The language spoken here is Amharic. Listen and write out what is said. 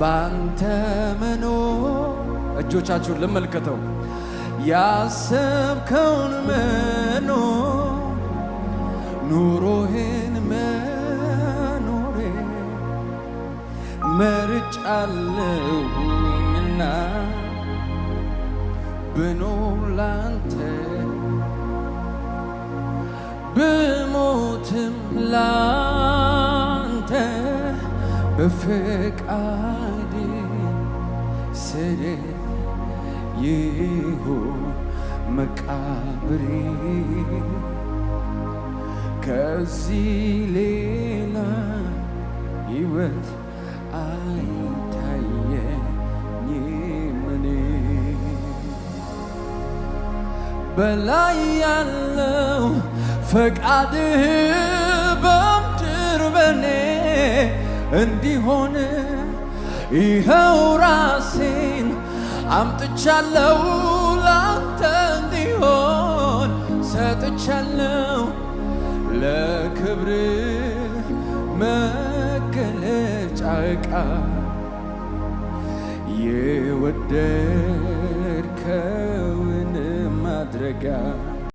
ባንተ መኖር እጆቻችሁን ልመልከተው ያሰብከውን መኖር ኑሮህን መኖሬ መርጫለሁና ብኖር ላንተ ብሞትም ላ በፈቃድ ስለ ይሁን መቃብሬ ከዚህ ሌላ ሕይወት አይታየኝም እኔ በላይ ያለው ፈቃድህ እንዲሆን ይኸው ራሴን አምጥቻለው ላንተ እንዲሆን ሰጥቻለው ለክብር መገለጫ እቃ የወደድከውን ማድረጋ